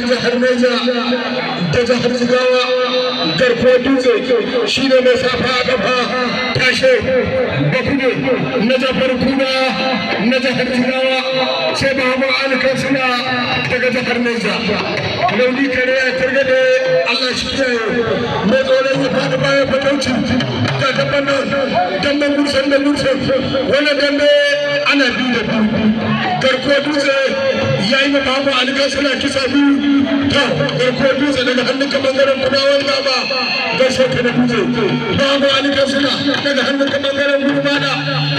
na jihar da jihar Jigawa garko dutse shi ne mai safa a kafa tashe bakude na jihar kuna na jihar Jigawa sai babu alikan daga jihar Neja launi kare ya targade Allah shi ya yi mai tsoron ya faɗi bayan fatauci gaban nan da dambe ana biyu da biyu garko dutse ya yi maka ba alika suna kisa biyu ta garko dutse daga hannun ka bangaren kudawan gaba ga shekka da dutse ba ba alika daga hannun ka bangaren gudumada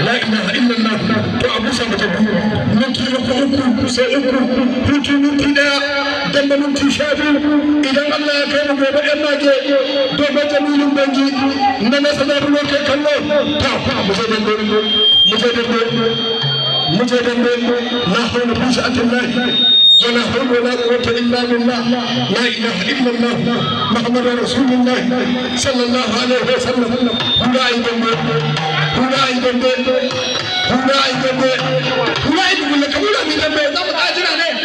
la ilaha illallah to abu sa mata biyu minti uku uku sai uku hutu minti daya dan da minti sha biyu idan Allah ya kai mu gobe yan mage dogon jamilin banji na nasa na ruwa kai kallo ta mu je dango mu je dango mu je dambe la hawla bi sha'atillahi ولا حول ولا قوة إلا بالله لا إله إلا الله محمد رسول الله صلى الله عليه وسلم هنا أيضا هنا أيضا هنا أيضا هنا أيضا ولا كمولا من دمه ده متاجر عليه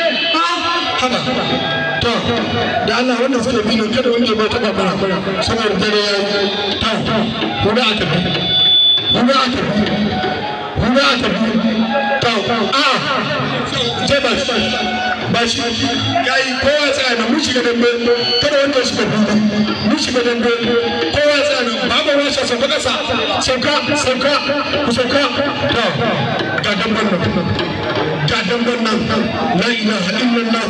haba to da Allah wannan suke bi ne kada wani ya bauta ba mana saboda dare ya yi to huda a tafi huda a tafi huda a tafi tashi ya yi kowa tsaya na mun shiga dambe kada wanda su gabi mun shiga dambe kowa tsaya na babu ruwan shi sauka kasa sauka sauka ku sauka to ga damben nan ga damben nan la ilaha illallah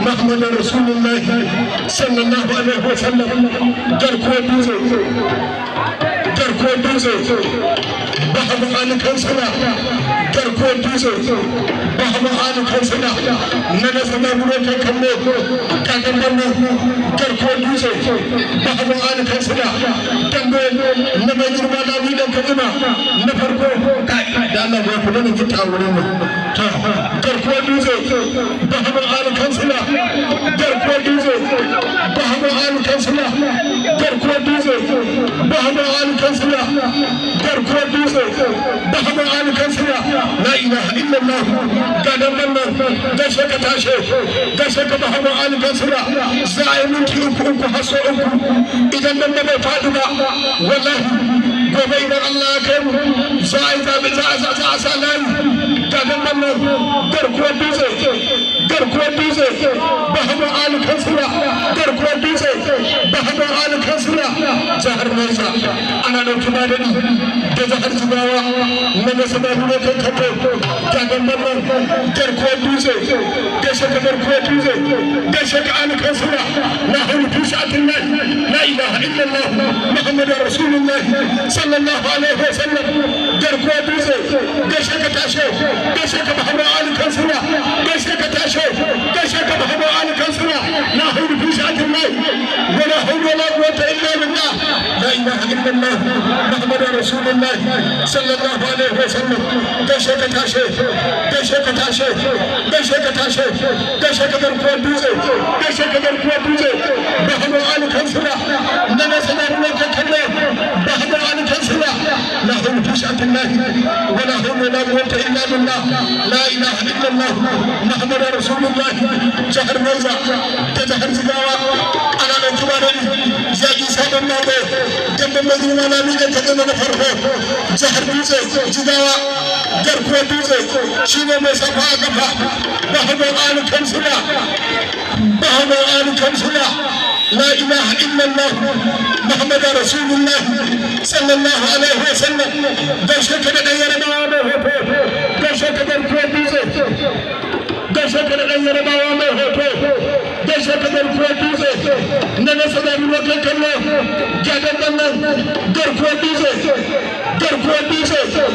muhammadur rasulullah sallallahu alaihi wa sallam garko dutse garko dutse ba abu alikan sana tarkon dutse ba hamu hannu kan suna na na sama gudu kan kammo kakan bannu tarkon dutse ba kan suna dambe na mai girma da bi kadima na farko da Allah ya kula da kita wurin mu dutse ba kan suna tarkon dutse ba suna dutse ba suna dutse ba kan suna la ilaha illallah ga dangan nan gashe ka tashe gashe ka bahamu ali basira za a yi minti uku uku har sau uku idan nan da bai faɗi ba wallahi gobe idan Allah ya kai mu za a yi zaɓe za a sa layi ga dangan nan garkuwar dutse garkuwar dutse ali ali ana ɗauki ba da da jihar jigawa na nasa ba kuma kan kafa kyanan bannan garkuwar dutse da shaka garkuwar dutse da shaka alikan sura na hannu tushe atin nan la ilaha illallah muhammadu rasulullah sallallahu alaihi wa sallam garkuwar dutse da shaka tashe da shaka mahamman alikan sura da ka tashi ka shaka mahabu ali kansura la hawla fi sha'atin mai wa la hawla la illa billah la ilaha illallah muhammadur rasulullah sallallahu alaihi wasallam ka shaka tashi ka shaka tashi ka shaka tashi ka shaka garkuwar dutse ka shaka garkuwar dutse mahabu ali kansura nana sanarwa ka kalle mahabu مشيئة الله ولا حول ولا قوة إلا بالله لا إله إلا الله محمد رسول الله شهر روزة تجهر زكاوة أنا نجوان زاجي سادة نابو جنب مدينة ناميجة تدمنا فرقو شهر روزة زكاوة garkuwar dutse shi ne mai safa a kafa ba hannun alukan suna ba hannun alukan suna لا إله إلا الله محمد رسول الله صلى الله عليه وسلم دشك نغير موامه هوته دشك دركو دوزه دشك نغير موامه هوته دشك دركو دوزه ننا صدر وكل كله جاكم بنا دركو دوزه دركو دوزه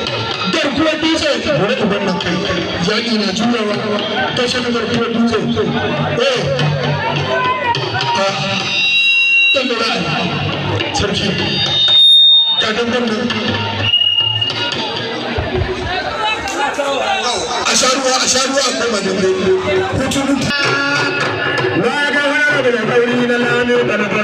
دركو دوزه ورد بنا يعني نجوا دشك دركو دوزه ايه baba dan da ra'ayi na ga wani abu na lami da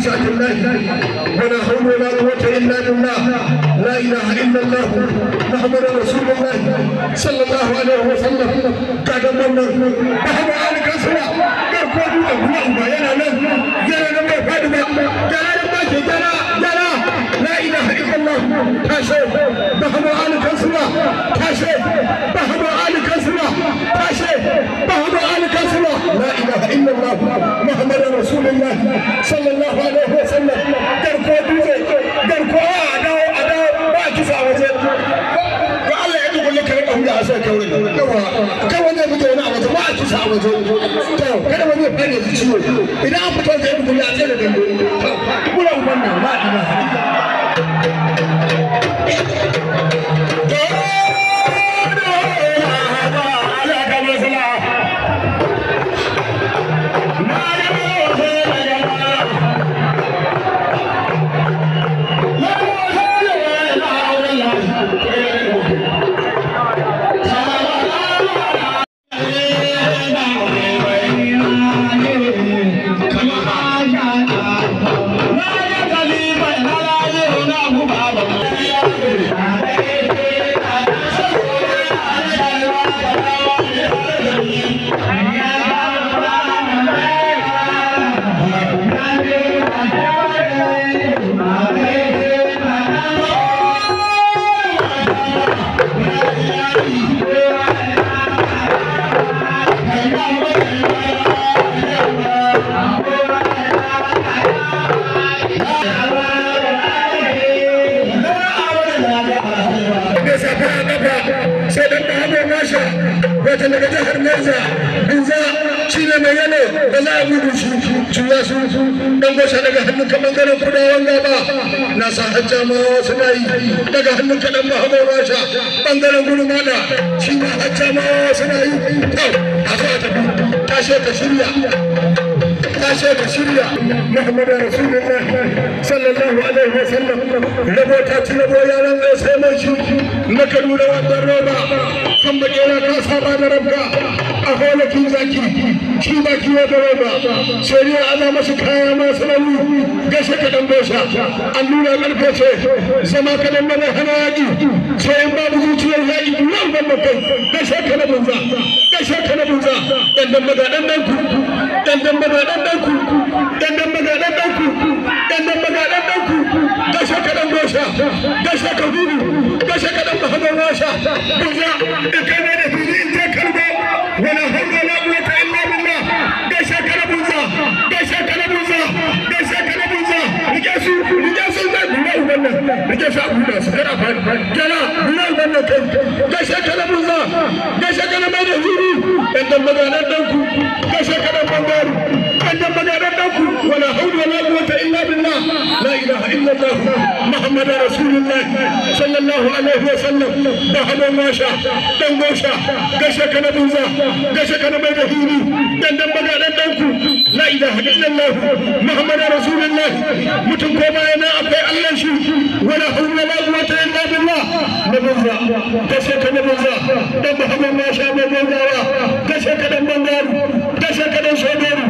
خشعة الله ولا حول ولا قوة إلا بالله لا إله إلا الله محمد رسول الله صلى الله عليه وسلم قاعد أمنا محمد آل كسرة قرقوا بنا بنا يلا لن يلا لن يفادنا يلا لن ما جدنا يلا لا إله إلا الله كاشف محمد آل كسرة كاشف rasulullah sallallahu alaihi wa sallam garko dutse garko a dawo a dawo ba a kisa waje ba Allah ya ji kullu kare kahu da asa kaure yawa kai wanda muke wani a waje ba a kisa a waje to kada wani ya fara ji ciwo fito da ya kullu a bayyane ba za a gudu su juya su dan gosa daga hannun ka bangaren kudawan gaba na sa hajja ma suna yi daga hannun ka dan mahamo rasha bangaren gudu mana shi ma hajja ma suna yi to a zo a ta tashe ka shirya tashe ka shirya muhammadu rasulullah sallallahu alaihi wa sallam rabo ta ci rabo yaran zai sai mai shi na kaduna wannan roba kan bakera ka saba da rabka a gonakin zaki shi ba kiwo da roba shari'a ana masa kaya masu nauyi gashe ka dan bosa ce ka sai in babu zuciyar yaƙi nan ban ku ku ku dan dan baga dan dan ku gashe ka dan gosha gashe ka gudu gashe ka dan bahadan washa buja da kai ne da fili in je karbo wala hawla wala quwwata illa billah ka ka ka rike su rike su rike su abu da su kana kana kai ka ka dan dan dan dan ka dan bangaru ولا حول ولا قوة إلا بالله لا إله إلا الله محمد رسول الله صلى الله عليه وسلم بحلو ماشا دنغوشا قشا كان بوزا قشا كان بيدهيني دندن بقى دندنكو لا إله إلا الله محمد رسول الله متنكوما ينا أبي الله شو ولا حول ولا قوة إلا بالله نبوزا قشا كان بوزا دنبحلو ماشا بوزا قشا كان بنغار قشا كان شابير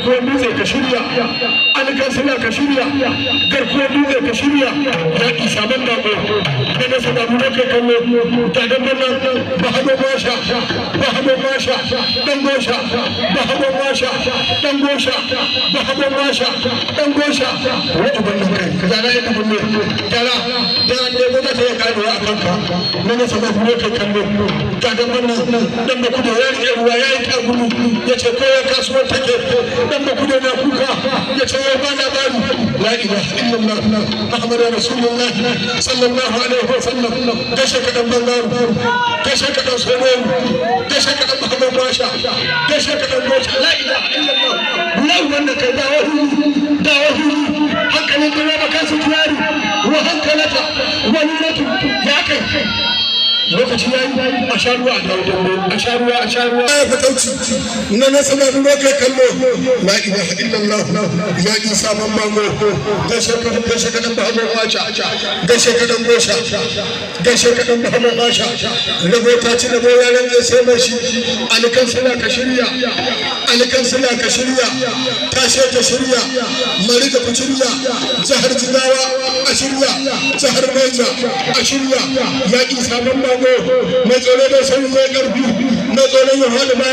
garkuwar dutse ka shirya Kansila ka shirya garkuwar dutse ka shirya yaƙi saman dako na nasa da abubakar kallo tagan birnin bahado masha bahado masha dan gosha bahado masha dan gosha bahado masha dan gosha wani ubannin kai zara ya tafi ne tara da an dai gona ta ya karewa a kanka na nasa da abubakar kallo tagan birnin dan da kudu ya riƙe ruwa ya yi ƙarfi ya ce kowa kasuwar take dan ba kudo na kuka ya ce ya bana bari la ilaha illallah muhammadu rasulullah sallallahu alaihi wa sallam kashe ka dan bangaru kashe ka dan sonoru kashe ka dan muhammadu basha kashe ka dan basha la ilaha illallah lau wanda kai da wahu da hankalin da ba kansu tuwari wa hankalata wa nuratu ya kai lokaci ya yi a sha ruwa a dawo a sha ruwa a sha ruwa ya fatauci na na sama ruwa kai kallo la ilaha illallah ya isa saman mango ga shekaran ga shekaran ba mu wacha ga shekaran gosha ga shekaran ba mu wacha rabo ta ci rabo ya ranje sai mai shi alkan sala ka shirya alkan sala ka shirya tashe ta shirya mari da ku shirya Jihar jigawa a shirya Jihar Niger a shirya ya saman man rago mai tsoro da sauri mai karfi mai tsoron yin haɗu ma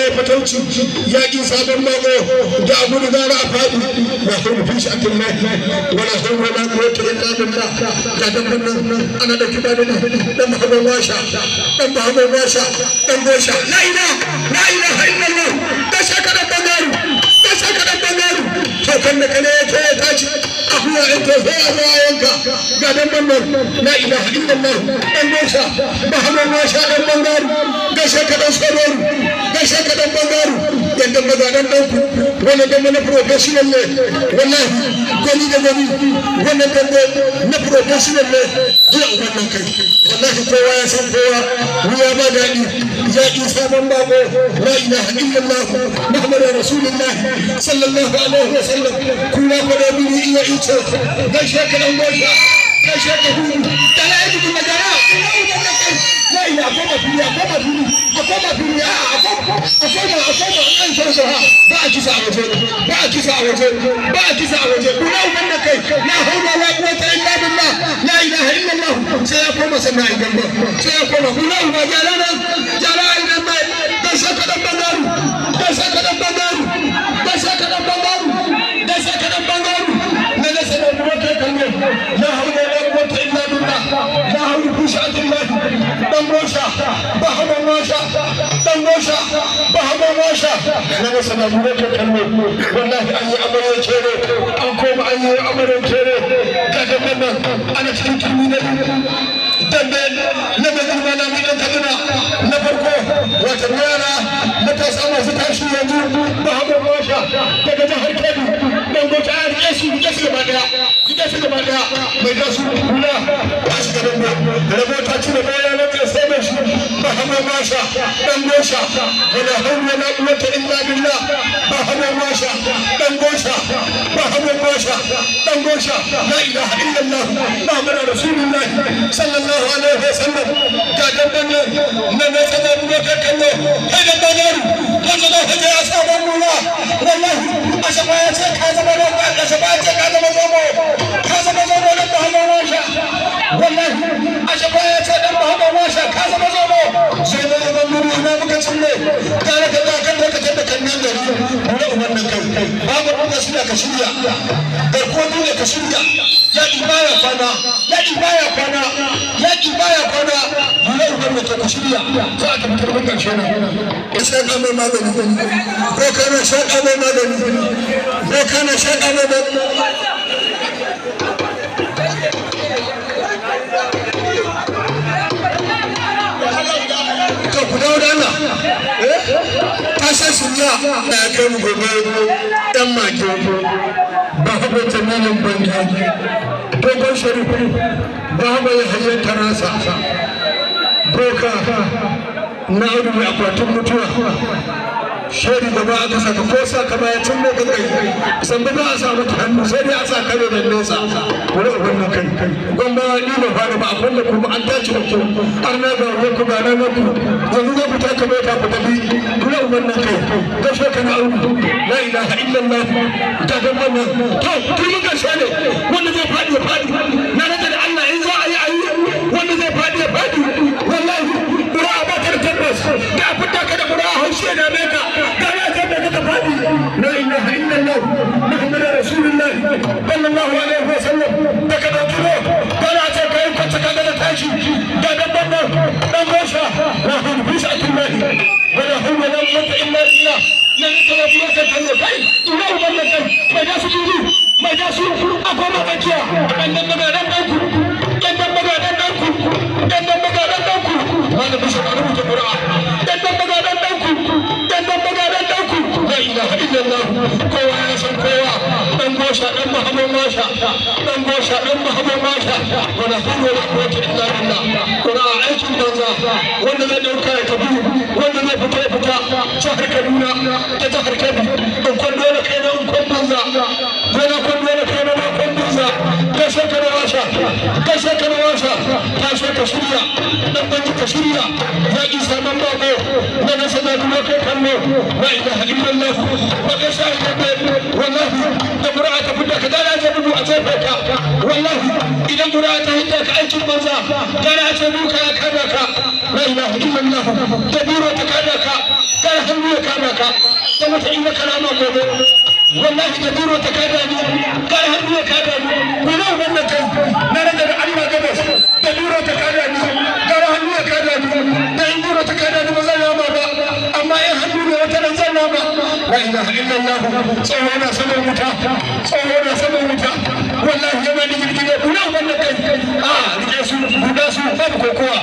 sabon mako da abu a faɗi ba sai na ko keken da kane ta ya tashi akuya in ta sai a zuwa yanka ga dan bangar la ilaha illallah dan dosa mahamman na sha dan bangaru gashe ka dan sabaru gashe ka dan bangaru yadda maza dan ɗauku wanda dambe na professional ne wallahi gani da gani wanda dambe na professional ne ina wala kai wala wallahi kowa ya san kowa ruwa ba daɗi ya ƙi sabon bako la ilaha illallah muhammadu rasulullah sallallahu alaihi wa sallam kula fa da bini iya ice dan shekaran gosha kashe ka hudu da na yi cikin majara na ko ba fili ko ba a ko ba fili a a ko ba a ko ba a ko ba an ba a kisa a waje ba a kisa a waje ba a kisa a waje kuna uban da kai la haula la quwwata illa billah la ilaha illa allah sai ya koma sanna a gamba sai ya koma kuna uba jarana jarana idan mai dan saka dan bangaru dan saka dan bangaru masa ba hamo masa na masa na mu ke kallo wallahi an yi amaryar an koma an yi amaryar kere kaga nan ana cikin turmi na dambe na mai girma na mai ɗan kaduna na farko wata yara matasa masu tashi yanzu daga jihar kebbi dangote a rike su miƙe shi gaba daya mai da su kula ta shi gaban da rabo ta ci da baya na ke sai mai shi ba sallallahu alaihi wanda zai fita ya sa don nuna wallahi a shafa ya ce ka zama don ba a shafa ya ce ka zama zomo ka zama zomo don ba hannun washa wallahi a shafa ya ce don ba hannun washa ka zama zomo sai da ya zama nuna da da da magani boka na shaƙa mai magani boka na shaƙa mai magani kashe shirya da ya gobe dan mage ba haɓe tsammanin banga dogon sharifu ba haɓe hanyar tarasa boka na abu mai akwatin mutuwa shaidu gaba aka saka ko sa kama ya cin mai kai san ba a sa mata hannu sai dai a sa kare da nesa wani abin nan kai gwamba ni ba fara ba a kulle kuma an tace da ku an na ga wani ku ga na na ku yanzu zai fita ka bai ta ku tafi wani abin nan kai ta shi kana auku la ilaha illallah ta ga wannan to tun muka shane wanda zai fadi ya fadi na haushi ya dame da kaka fadi la ilaha illallah muhammadur rasulullah sallallahu alaihi wasallam da tuno kana ce da da dabban nan dan gosha wa da su duru mai da su furu ko ma bakiya dan dan kowa ya san kowa dan gosha dan mahabon masha dan gosha dan mahabon masha Kaduna ta jihar Kebbi in kwando na kai na in kwan banza zai na kwando na kai na kashe ka na washa kashe ka na ta tashe ka shirya dan banki ka shirya ya isa man bako na nasa da kuma kai kallo la ilaha illallah wa kasha ka wallahi da qur'a ta fidda ka dana ta dudu a tsaye ka wallahi idan qur'a ta hidda ka aikin banza dana ta duka ya kada ka la ilaha illallah da biro ta kada ka kar hannu ya kada ka ta mata inna kalama gobe wallahi ka duro ta kada ni ka hannu ya kada ni ku wannan kai na rage da Allah gabas da duro ta kada ni ga hannu ya kada ni da in duro ta kada ni ba zan rama ba amma in hannu ne wata nan zan rama la ilaha illallah tsawo na saman wuta tsawo na saman wuta wallahi yawa ne jirgi ne kuna wanda kai a ah, rike su guda su babu kokowa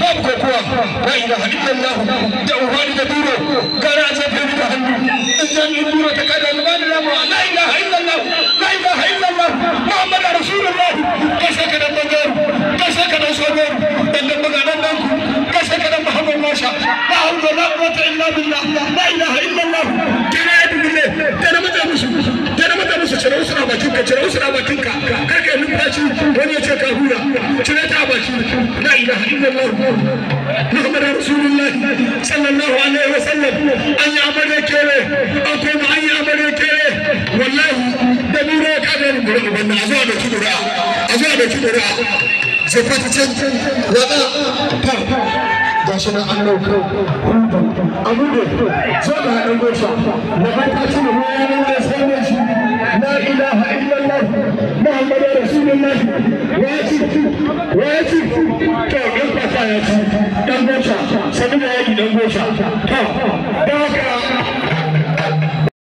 babu kokowa wa ila hadillahu da ubani da duro gara a jefe ni hannu in zan yi duro ta kada ni bani ramu la ilaha illallah la ilaha illallah muhammad rasulullah kashe ka bangaru kashe ka dan dan dan bangaran سيدنا محمد ما شاء لا حول ولا قوة إلا بالله لا إله إلا الله كنا يدعو بالله كنا متى مسلم كنا متى مسلم شنو سنا باكينك شنو سنا باكينك كرك نباشي وني أشك أهولا شنو تاباشي لا إله إلا الله محمد رسول الله صلى الله عليه وسلم أن يعمل كيره أقوم أن يعمل كيره والله دميرك أنا نقول أبنا أزواج كبرى أزواج كبرى the president wada par gashi nan an dauko abu da zo da haɗin gosa da ban ta ci da bayanan da shi la ilaha illallah muhammadu rasulullah ya ci ya ci to dan kwasa ya ci dan gosa sanin da yaki dan gosa to da